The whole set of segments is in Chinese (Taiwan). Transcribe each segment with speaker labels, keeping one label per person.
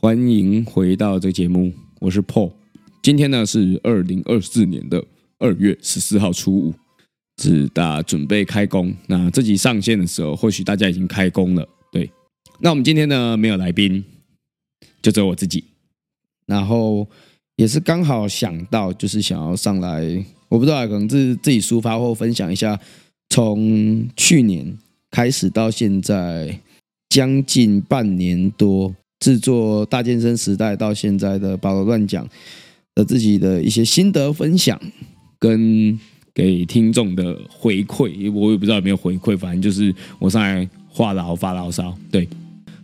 Speaker 1: 歡迎回到這個節目，我是 Paul。今天呢是二零二四年的二月十四號初五，是大家準備開工，那這集上線的時候，或許大家已經開工了。對，那我們今天呢沒有來賓，就只有我自己。然後也是剛好想到，就是想要上來，我不知道可能是自己抒發或分享一下，從去年開始到現在將近半年多。製作《大健身時代》到現在的《保羅亂講》的自己的一些心得分享，跟給聽眾的回饋，我也不知道有沒有回饋，反正就是我上來話癆發牢騷。對，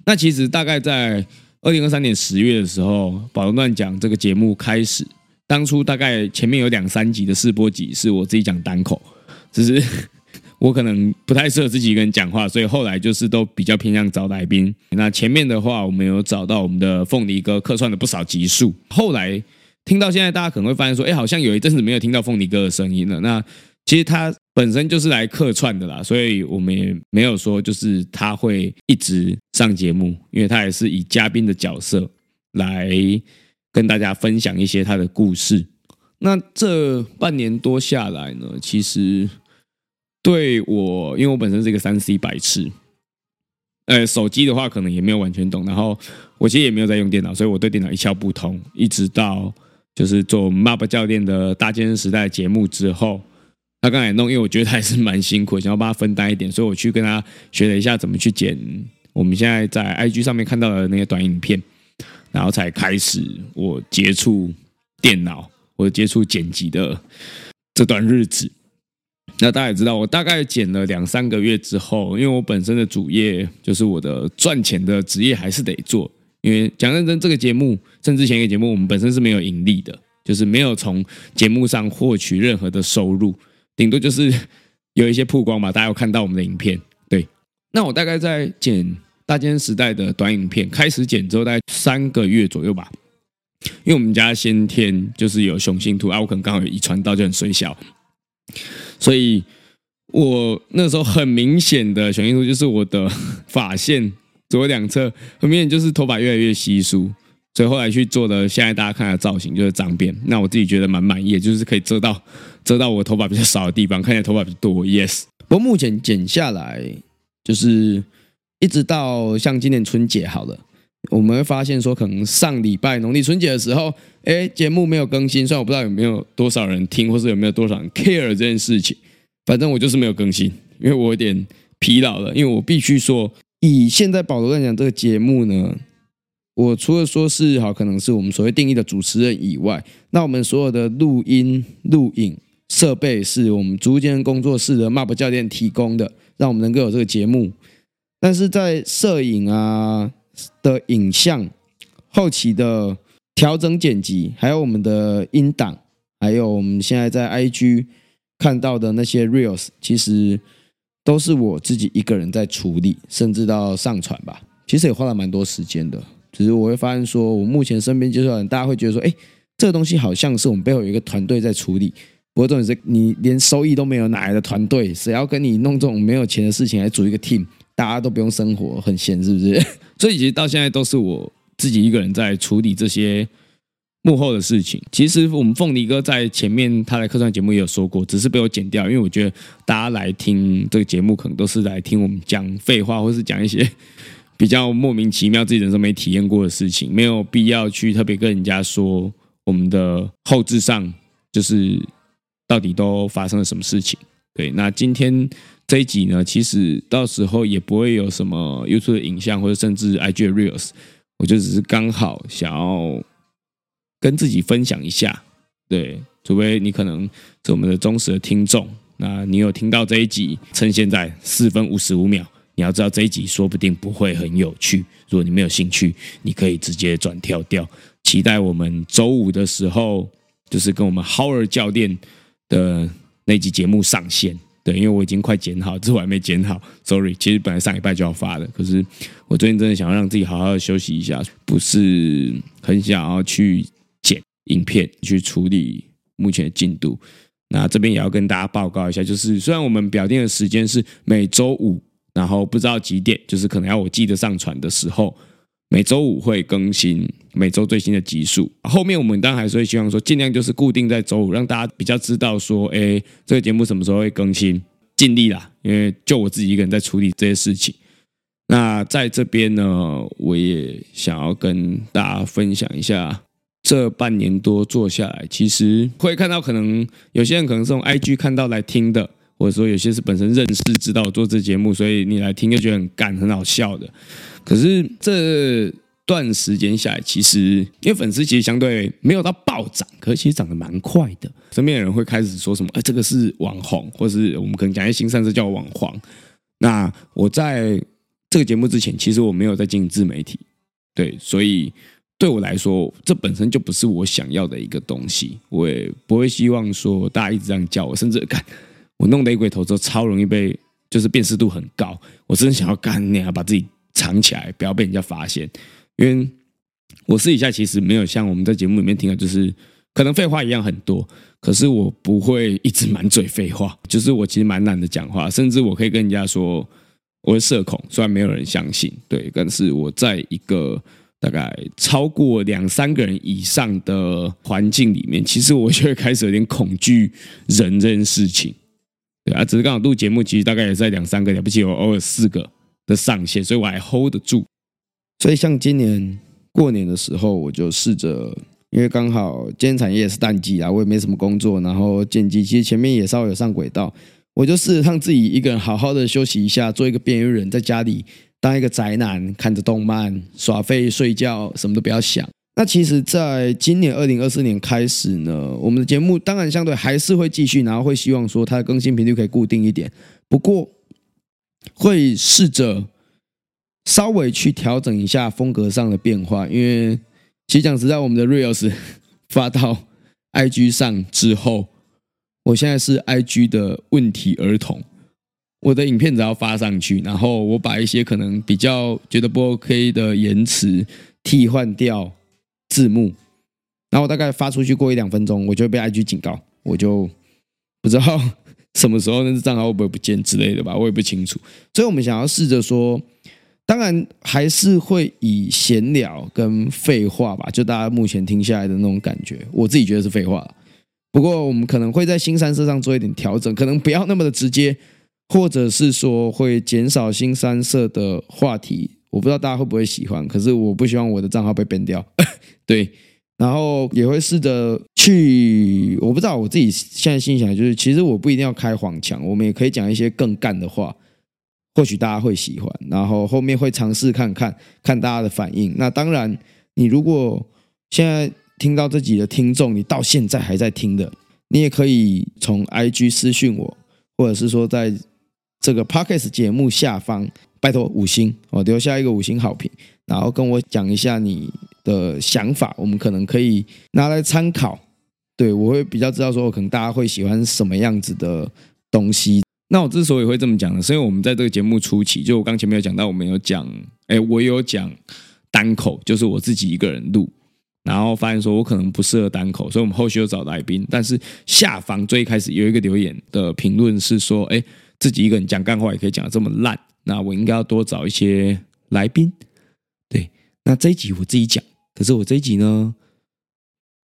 Speaker 1: 那其實大概在二零二三年十月的時候，《保羅亂講》這個節目開始，當初大概前面有兩三集的試播集是我自己講單口，只、就是。我可能不太適合自己跟人講話，所以後來就是都比較偏向找來賓。那前面的話，我們有找到我們的鳳梨哥客串了不少集數。後來聽到現在，大家可能會發現說，哎、欸，好像有一陣子沒有聽到鳳梨哥的聲音了。那其實他本身就是來客串的啦，所以我們也沒有說就是他會一直上節目，因為他也是以嘉賓的角色來跟大家分享一些他的故事。那這半年多下來呢，其實。對我，因為我本身是一個三 C 白痴，呃，手機的話可能也沒有完全懂。然後我其實也沒有在用電腦，所以我對電腦一竅不通。一直到就是做 Mobbz 教練的大健身時代節目之後，他剛才弄，因為我覺得他還是蠻辛苦，想要幫他分擔一點，所以我去跟他學了一下怎麼去剪。我們現在在 IG 上面看到的那個短影片，然後才開始我接觸電腦，我接觸剪輯的這段日子。那大家也知道，我大概剪了兩三個月之後，因為我本身的主業就是我的賺錢的職業還是得做。因為講認真，真，這個節目甚至前一個節目，我們本身是沒有盈利的，就是沒有從節目上獲取任何的收入，頂多就是有一些曝光吧。大家有看到我們的影片。對，那我大概在剪大千時代的短影片開始剪之後，大概三個月左右吧，因為我們家先天就是有雄性禿啊，我可能剛好有遺傳到就很衰小。所以，我那時候很明顯的雄性素，就是我的髮線左右兩側，很明顯就是頭髮越來越稀疏。所以後來去做的，現在大家看的造型就是髒辮。那我自己覺得蠻滿意的，就是可以遮到遮到我頭髮比較少的地方，看起來頭髮比較多。Yes。不過目前剪下來，就是一直到像今年春節好了。我們會發現說，可能上禮拜農曆春節的時候，哎，節目沒有更新，雖然我不知道有沒有多少人聽，或是有沒有多少人 care 這件事情。反正我就是沒有更新，因為我有點疲勞了。因為我必須說，以現在保羅來講，這個節目呢，我除了說是好，可能是我們所謂定義的主持人以外，那我們所有的錄音、錄影設備是我們逐鹿工作室的 Mobbz 教練提供的，讓我們能夠有這個節目。但是在攝影啊。的影像後期的調整剪輯，還有我們的音檔，還有我們現在在 IG 看到的那些 Reels，其實都是我自己一個人在處理，甚至到上傳吧，其實也花了蠻多時間的。只是我會發現說，我目前身邊接觸的人，大家會覺得說，誒，這個東西好像是我們背後有一個團隊在處理。不過重點是，你連收益都沒有，哪來的團隊？誰要跟你弄這種沒有錢的事情來組一個 team？大家都不用生活，很閒，是不是？所以其實到現在都是我自己一個人在處理這些幕後的事情。其實我們鳳梨哥在前面，他來客串節目也有說過，只是被我剪掉，因為我覺得大家來聽這個節目，可能都是來聽我們講廢話，或是講一些比較莫名其妙、自己人生沒體驗過的事情，沒有必要去特別跟人家說我們的後製上就是到底都發生了什麼事情。對，那今天。這一集呢，其實到時候也不會有什麼 YouTube 的影像或者，甚至 IG reels，我就只是剛好想要跟自己分享一下。對，除非你可能是我們的忠實的聽眾，那你有聽到這一集，趁現在四分五十五秒，你要知道這一集說不定不會很有趣。如果你沒有興趣，你可以直接轉跳掉。期待我們周五的時候，就是跟我們 Howard 教練的那集節目上線。對，因為我已經快剪好，之後還沒剪好，sorry。其實本來上禮拜就要發的，可是我最近真的想要讓自己好好的休息一下，不是很想要去剪影片去處理目前的進度。那這邊也要跟大家報告一下，就是雖然我們表定的時間是每周五，然後不知道幾點，就是可能要我記得上傳的時候，每周五會更新。每周最新的集數，啊，後面我們當然還是會希望說，盡量就是固定在周五，讓大家比較知道說，哎、欸，這個節目什麼時候會更新，盡力啦。因為就我自己一個人在處理這些事情。那在這邊呢，我也想要跟大家分享一下，這半年多做下來，其實會看到可能有些人可能是從 IG 看到來聽的，或者說有些人是本身認識知道我做這節目，所以你來聽就覺得很幹很好笑的。可是這個段時間下來，其實因為粉絲其實相對沒有到暴漲，可是其實漲得蠻快的。身邊的人會開始說什麼：“哎、欸，這個是網紅，或是我們可能講一些新上市叫我網黃。”那我在這個節目之前，其實我沒有在經營自媒體，對，所以對我來說，這本身就不是我想要的一個東西。我也不會希望說大家一直這樣叫我，甚至看我弄雷鬼頭之後，超容易被，就是辨識度很高。我真想要干那、啊，把自己藏起來，不要被人家發現。因為我私底下其實沒有像我們在節目裡面聽到，就是可能廢話一樣很多，可是我不會一直滿嘴廢話。就是我其實蠻懶得講話，甚至我可以跟人家說我會社恐，雖然沒有人相信，對，但是我在一個大概超過兩三個人以上的環境裡面，其實我就會開始有點恐懼人這件事情，對啊，只是剛好錄節目其實大概也在兩三個，了不起我偶爾四個的上限，所以我還 hold 得住。所以，像今年過年的時候，我就試着，因為剛好今年產業也是淡季啊，我也沒什麼工作，然後剪輯其實前面也稍微有上軌道，我就試着讓自己一個人好好的休息一下，做一個邊緣人，在家裡當一個宅男，看着動漫、耍廢、睡覺，什麼都不要想。那其實，在今年二零二四年開始呢，我們的節目當然相對還是會繼續，然後會希望說它的更新頻率可以固定一點，不過會試着。稍微去調整一下風格上的變化，因為其實講實在，我們的 Reels 發到 IG 上之後，我現在是 IG 的問題兒童。我的影片，只要發上去，然後我把一些可能比較覺得不 OK 的言辭，替換掉字幕，然後我大概發出去過一兩分鐘，我就會被 IG 警告，我就不知道什麼時候那個賬號會不會不見之類的吧，我也不清楚。所以，我們想要試着說。當然還是會以閒聊跟廢話吧，就大家目前聽下來的那種感覺，我自己覺得是廢話。不過我們可能會在新三色上做一點調整，可能不要那麼的直接，或者是說會減少新三色的話題。我不知道大家會不會喜歡，可是我不希望我的賬號被 ban 掉。 對，然後也會試着去，我不知道我自己現在心想就是，其實我不一定要開黃腔，我們也可以講一些更乾的話。或許大家會喜歡，然後後面會嘗試看看，看大家的反應。那當然，你如果現在聽到這集的聽眾，你到現在還在聽的，你也可以從 I G 私信我，或者是說在這個 Podcast 節目下方，拜託五星哦，我留下一個五星好評，然後跟我講一下你的想法，我們可能可以拿來參考。對，我會比較知道說，可能大家會喜歡什麼樣子的東西。那我之所以會這麼講呢，是因為我們在這個節目初期，就我剛前面有講到，我們有講，哎，我也有講單口，就是我自己一個人錄，然後發現說我可能不適合單口，所以我們後續又找來賓。但是下方最開始有一個留言的評論是說，哎，自己一個人講乾話也可以講得這麼爛，那我應該要多找一些來賓。對，那這一集我自己講，可是我這一集呢，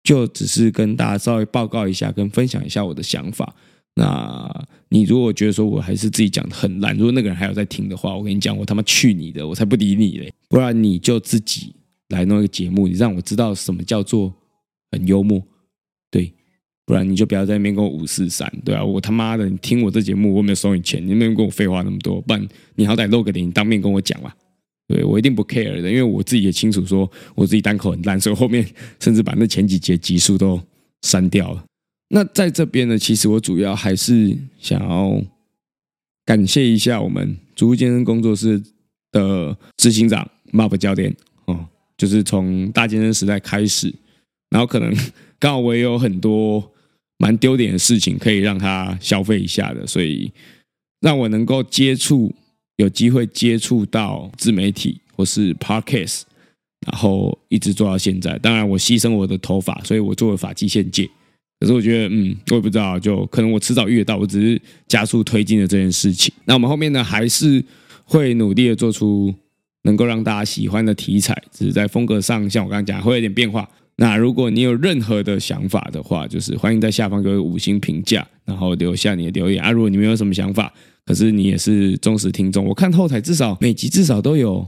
Speaker 1: 就只是跟大家稍微報告一下，跟分享一下我的想法。那你如果覺得說我還是自己講的很爛，如果那個人還有在聽的話，我跟你講，我他媽去你的，我才不理你嘞！不然你就自己來弄一個節目，你讓我知道什麼叫做很幽默，對，不然你就不要在那邊跟我五四三，對啊，我他媽的，你聽我這節目，我沒有收你錢，你沒有跟我廢話那麼多，不然你好歹露個臉，你當面跟我講啊。對，我一定不 care 的，因為我自己也清楚說我自己單口很爛，所以後面甚至把那前幾節集數都刪掉了。那在這邊呢，其實我主要還是想要感謝一下我們逐鹿健身工作室的執行長馬普教練哦、嗯，就是從大健身時代開始，然後可能剛好我也有很多蠻丟臉的事情可以讓他消費一下的，所以讓我能夠接觸，有機會接觸到自媒體或是 Podcast，然後一直做到現在。當然，我犧牲我的頭髮，所以我做了髮際線界。可是我覺得，嗯，我也不知道，就可能我遲早遇得到，我只是加速推進了這件事情。那我們後面呢，還是會努力的做出能夠讓大家喜歡的題材，只是在風格上，像我剛剛講，會有點變化。那如果你有任何的想法的話，就是歡迎在下方給我五星評價，然後留下你的留言啊。如果你沒有什麼想法，可是你也是忠實聽眾，我看後台至少每集至少都有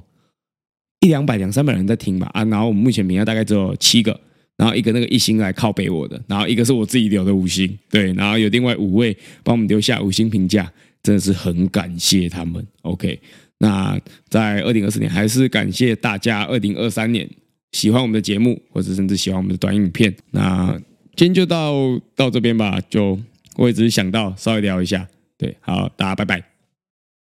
Speaker 1: 一兩百、兩三百人在聽吧。啊，然後我們目前評價大概只有七個。然後一個那個一星來靠北我的，然後一個是我自己留的五星，對，然後有另外五位幫我們留下五星評價，真的是很感謝他們。OK，那在二零二四年還是感謝大家，二零二三年喜歡我們的節目，或者甚至喜歡我們的短影片。那今天就到到這邊吧，就我也只是想到稍微聊一下，對，好，大家拜拜。